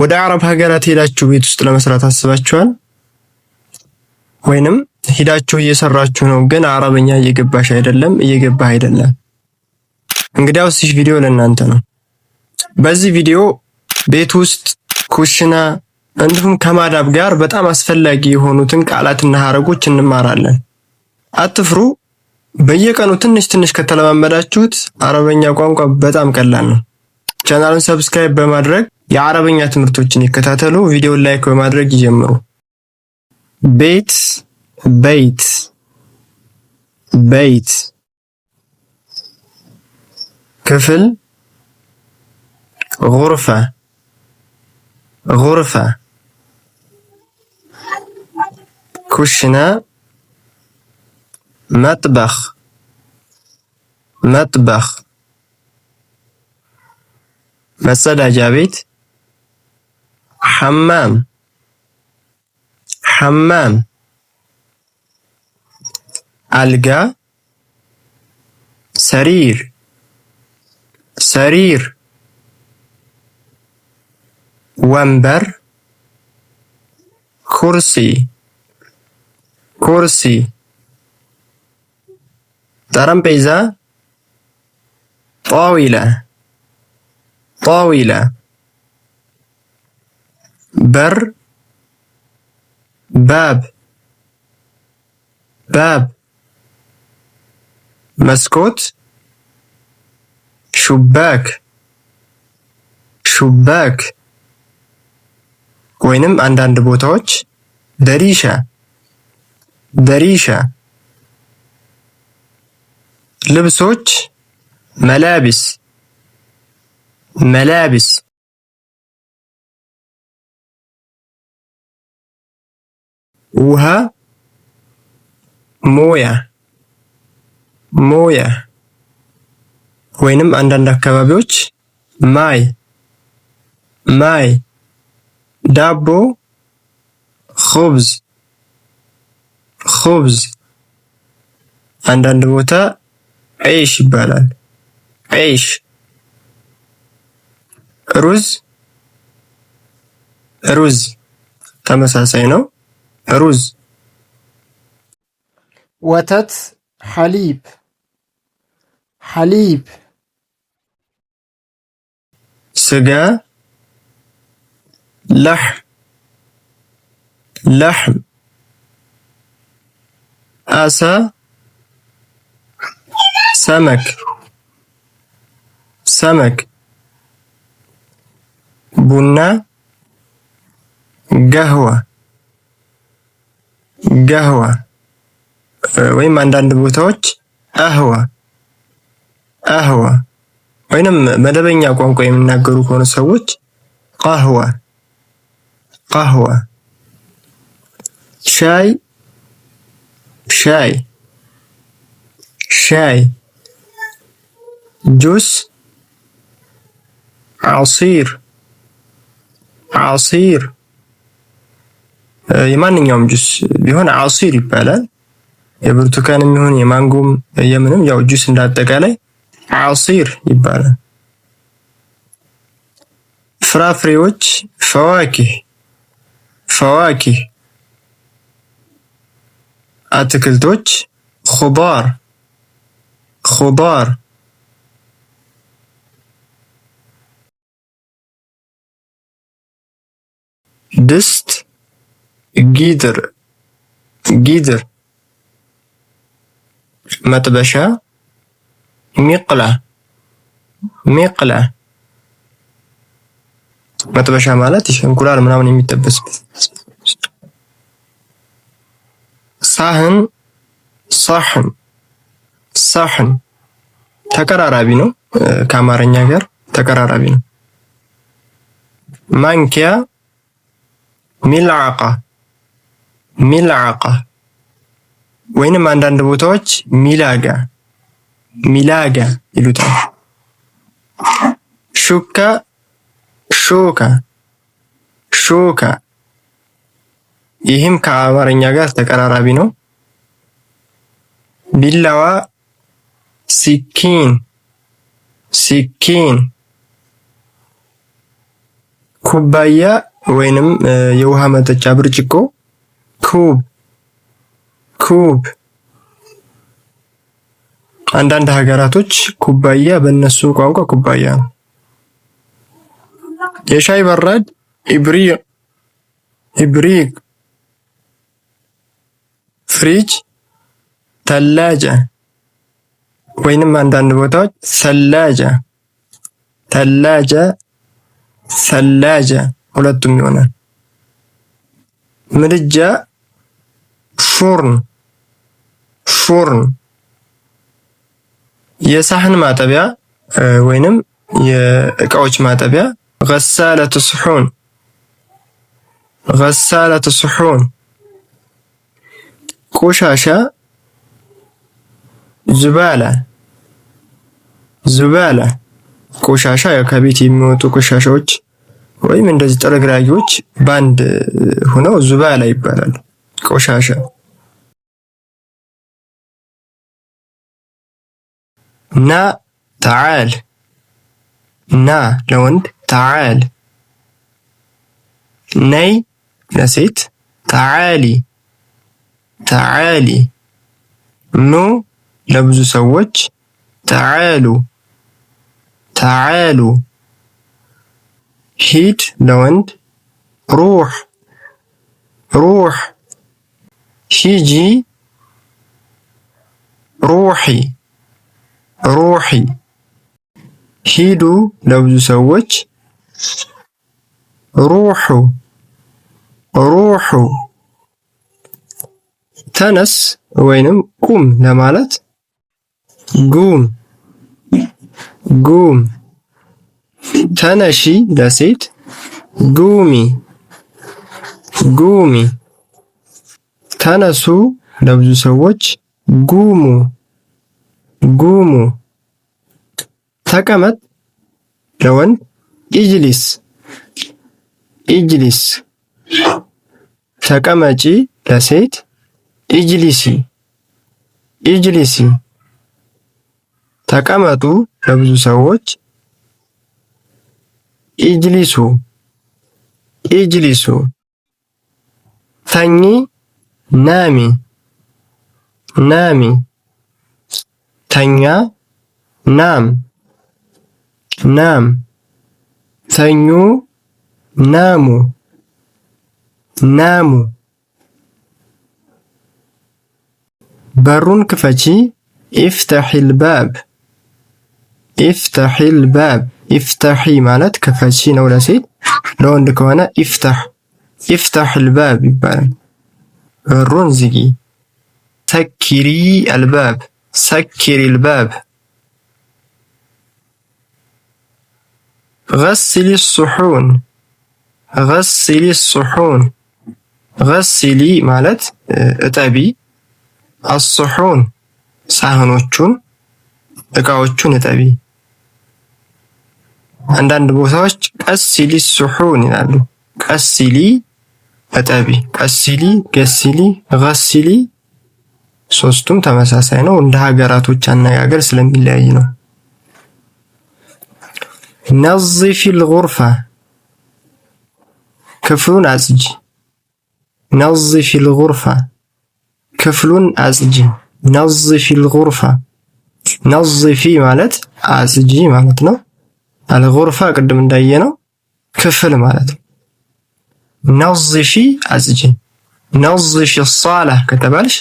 ወደ አረብ ሀገራት ሄዳችሁ ቤት ውስጥ ለመስራት አስባችኋል? ወይንም ሄዳችሁ እየሰራችሁ ነው፣ ግን አረበኛ እየገባሽ አይደለም፣ እየገባህ አይደለም። እንግዲያውስ ይህ ቪዲዮ ለእናንተ ነው። በዚህ ቪዲዮ ቤት ውስጥ ኩሽና፣ እንዲሁም ከማዳብ ጋር በጣም አስፈላጊ የሆኑትን ቃላትና ሀረጎች እንማራለን። አትፍሩ። በየቀኑ ትንሽ ትንሽ ከተለማመዳችሁት አረበኛ ቋንቋ በጣም ቀላል ነው። ቻናሉን ሰብስክራይብ በማድረግ የአረበኛ ትምህርቶችን ይከታተሉ። ቪዲዮን ላይክ በማድረግ ይጀምሩ። ቤት በይት በይት ክፍል ጉርፈ ጉርፈ ኩሽና መጥበኽ መጥበኽ መጸዳጃ ቤት حمام حمام ألقى سرير سرير ومبر كرسي كرسي ترمبيزة طاولة طاولة بر باب باب مسكوت شباك شباك وينم عند عند بوتوتش دريشة دريشة لبسوتش ملابس ملابس ውሃ ሞያ ሞያ ወይንም አንዳንድ አካባቢዎች ማይ ማይ ዳቦ ኹብዝ ኹብዝ አንዳንድ ቦታ ዒሽ ይባላል። ዒሽ ሩዝ ሩዝ ተመሳሳይ ነው። أرز وتت حليب حليب سجا لحم لحم أسى سمك سمك بنة قهوة ገህዋ ወይም አንዳንድ ቦታዎች አህዋ አህዋ ወይንም መደበኛ ቋንቋ የሚናገሩ ከሆኑ ሰዎች ቃህዋ ቃህዋ፣ ሻይ ሻይ ሻይ፣ ጁስ አሲር ዓሲር የማንኛውም ጁስ ቢሆን አሲር ይባላል። የብርቱካንም ይሁን የማንጎም የምንም ያው ጁስ እንዳጠቃላይ አሲር ይባላል። ፍራፍሬዎች ፈዋኪህ ፈዋኪህ፣ አትክልቶች ኹዳር ኹዳር ድስት ጊድር ጊድር መጥበሻ ሚቅላ ሚቅላ መጥበሻ ማለት እንቁላል ምናምን የሚጠበስ ሳህን ሳህን ሳህን ተቀራራቢ ነው ከአማርኛ ጋር ተቀራራቢ ነው ማንኪያ ሚልዓቃ ሚልዓቀ ወይንም አንዳንድ ቦታዎች ሚላጋ ሚላጋ ይሉታል። ሹካ ሾካ ሾካ፣ ይህም ከአማርኛ ጋር ተቀራራቢ ነው። ቢላዋ ሲኪን ሲኪን፣ ኩባያ ወይንም የውሃ መጠጫ ብርጭቆ ኩብ ኩብ። አንዳንድ ሀገራቶች ኩባያ በእነሱ ቋንቋ ኩባያ ነው። የሻይ በራድ ኢብሪ ኢብሪቅ፣ ፍሪጅ፣ ተላጃ ወይንም አንዳንድ ቦታዎች ሰላጃ ተላጃ ሰላጃ ሁለቱም ይሆናል። ምድጃ ፎርን ፎርን የሳህን ማጠቢያ ወይንም የእቃዎች ማጠቢያ ገሳለቱ ስሑን ገሳለቱ ስሑን ቆሻሻ ዙባላ ዙባላ ቆሻሻ ከቤት የሚወጡ ቆሻሻዎች ወይም እንደዚህ ጥርግራጊዎች በአንድ ሆነው ዙባላ ይባላል። ቆሻሻ نا تعال نا لوند تعال ني نسيت تعالي تعالي نو لبز سوتش تعالوا تعالوا هيت لوند روح روح شيجي روحي ሩሒ ሂዱ ለብዙ ሰዎች ሩሑ ሩሑ ተነስ ወይንም ቁም ለማለት ጉም ጉም ተነሺ ለሴት ጉሚ ጉሚ ተነሱ ለብዙ ሰዎች ጉሙ ጉሙ ተቀመጥ ለወንድ ኢጅሊስ ኢጅሊስ ተቀመጪ ለሴት ኢጅሊሲ ኢጅሊሲ ተቀመጡ ለብዙ ሰዎች ኢጅሊሱ ኢጅሊሱ ተኚ ናሚ ናሚ ተኛ ናም ናም ሰኞ ናሙ ናሙ በሩን ክፈቺ ኢፍተሒል ባብ ኢፍተሒል ባብ ኢፍተሒ ማለት ክፈቺ ነው ለሴት ለወንድ ከሆነ ኢፍታህ ኢፍታህ አልባብ ይባላል። በሩን ዝጊ። ሰኪሪ አልባብ ሰኪሪ አልባብ غسሊ ሱሑን غስሊ ሱሑን غስሊ ማለት እጠቢ፣ አሱሑን ሳህኖቹን እቃዎቹን እጠቢ። አንዳንድ ቦታዎች ቀሲሊ ሱሑን ይላሉ። ቀሲሊ እጠቢ፣ ቀሲሊ፣ ገሲሊ፣ غስሊ ሶስቱም ተመሳሳይ ነው። እንደ ሀገራቶች አነጋገር ስለሚለያይ ነው። ነዝፊ ልጉርፋ ክፍሉን አጽጂ ነዝፊ ልጉርፋ ክፍሉን አጽጂ ነዝፊ ልጉርፋ ነዝፊ ማለት አጽጂ ማለት ነው። አልጉርፋ ቅድም እንዳየ ነው ክፍል ማለት ነው። ነዝፊ አጽጂ። ነዝፊ ሳላ ከተባልሽ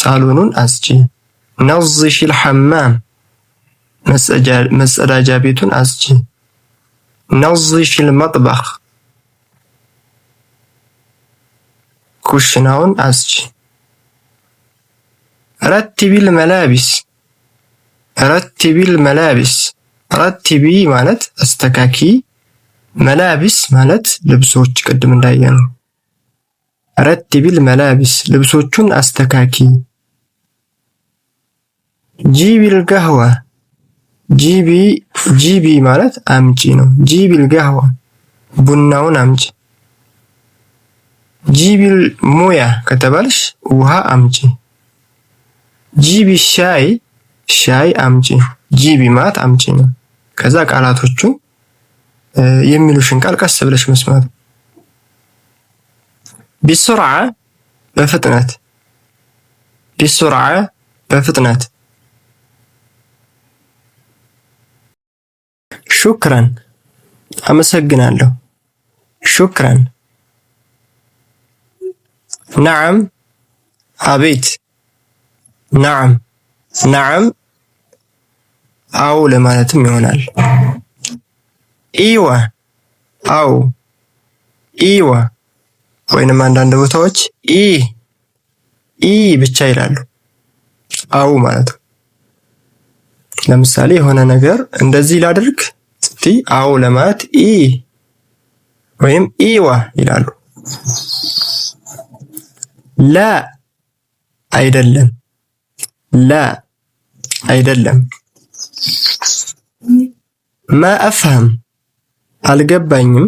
ሳሎኑን አጽጂ። ነዝፊ ልሐማም መጸዳጃ ቤቱን አጽጂ። ነዝፊል መጥበኽ ኩሽናውን አጽጂ። ረቲቢል መላቢስ ረቲቢል መላቢስ ረቲቢ ማለት አስተካኪ፣ መላቢስ ማለት ልብሶች። ቅድም እንዳየ ነው። ረቲቢል መላቢስ ልብሶቹን አስተካኪ። ጂቢል ገህዋ ጂቢ ጂቢ ማለት አምጪ ነው። ጂቢል ገህዋ ቡናውን አምጪ። ጂቢል ሙያ ከተባልሽ ውሃ አምጪ። ጂቢ ሻይ ሻይ አምጪ። ጂቢ ማለት አምጪ ነው። ከዛ ቃላቶቹ የሚሉሽን ቃል ቀስ ብለሽ መስማት። ቢሱርዓ በፍጥነት ቢሱርዓ በፍጥነት ሹክራን አመሰግናለሁ። ሹክራን ነዓም አቤት ነዓም ነዓም አዎ ለማለትም ይሆናል። ኢዋ አዎ ኢዋ ወይንም አንዳንድ ቦታዎች ኢ ኢ ብቻ ይላሉ። አዎ ማለት ነው። ለምሳሌ የሆነ ነገር እንደዚህ ላድርግ ስትይ አዎ ለማለት ኢ ወይም ኢዋ ይላሉ። ለ አይደለም፣ ለ አይደለም። ማ አፍሃም አልገባኝም፣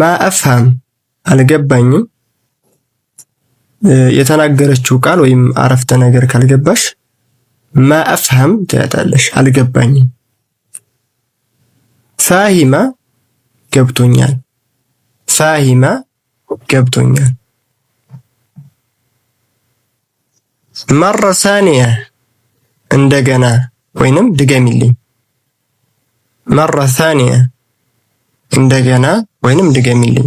ማ አፍሃም አልገባኝም። የተናገረችው ቃል ወይም አረፍተ ነገር ካልገባሽ ማ አፍሃም ትያታለሽ፣ አልገባኝም ሳሂማ ገብቶኛል። ሳሂማ ገብቶኛል። መረ ሳኒያ እንደገና ወይንም ድገሚልኝ። መረ ሳኒያ እንደገና ወይንም ድገሚልኝ።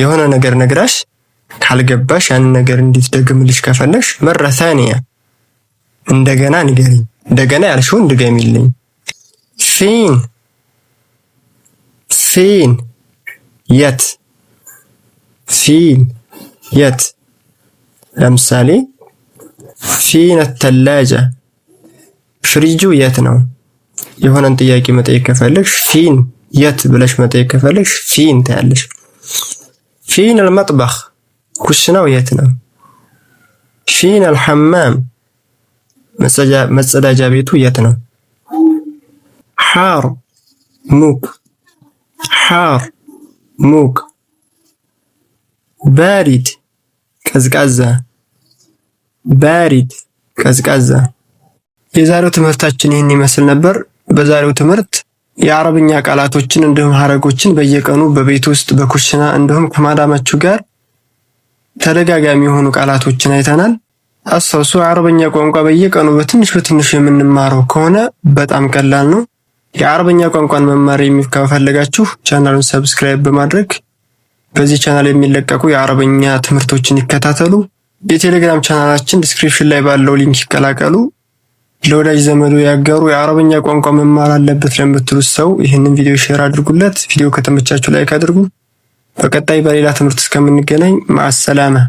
የሆነ ነገር ነግራሽ ካልገባሽ ያንን ነገር እንድትደግምልሽ ከፈለሽ መረ ሳኒያ እንደገና ንገሪኝ። እንደገና ያልሽውን ድገሚልኝ። ፊን فين يت فين يت لمسالي فين الثلاجة فريجو يتنو يهون انت ياكي متأيك فلش فين يت بلاش متأيك فلش فين تعلش فين المطبخ كشنو يتنو فين الحمام مسجا مسجا جابيتو يتنو حار موك ሓር ሙቅ፣ ባሪድ ቀዝቃዛ፣ ባሪድ ቀዝቃዛ። የዛሬው ትምህርታችን ይህን ይመስል ነበር። በዛሬው ትምህርት የአረብኛ ቃላቶችን እንዲሁም ሀረጎችን በየቀኑ በቤት ውስጥ በኩሽና እንዲሁም ከማዳማችሁ ጋር ተደጋጋሚ የሆኑ ቃላቶችን አይተናል። አስታውሱ፣ አረበኛ ቋንቋ በየቀኑ በትንሽ በትንሹ የምንማረው ከሆነ በጣም ቀላል ነው። የአረበኛ ቋንቋን መማር ከፈለጋችሁ ቻናሉን ሰብስክራይብ በማድረግ በዚህ ቻናል የሚለቀቁ የአረበኛ ትምህርቶችን ይከታተሉ። የቴሌግራም ቻናላችን ዲስክሪፕሽን ላይ ባለው ሊንክ ይቀላቀሉ። ለወዳጅ ዘመዱ ያገሩ የአረበኛ ቋንቋ መማር አለበት ለምትሉት ሰው ይህንን ቪዲዮ ሼር አድርጉለት። ቪዲዮ ከተመቻችሁ ላይክ አድርጉ። በቀጣይ በሌላ ትምህርት እስከምንገናኝ ማአሰላማ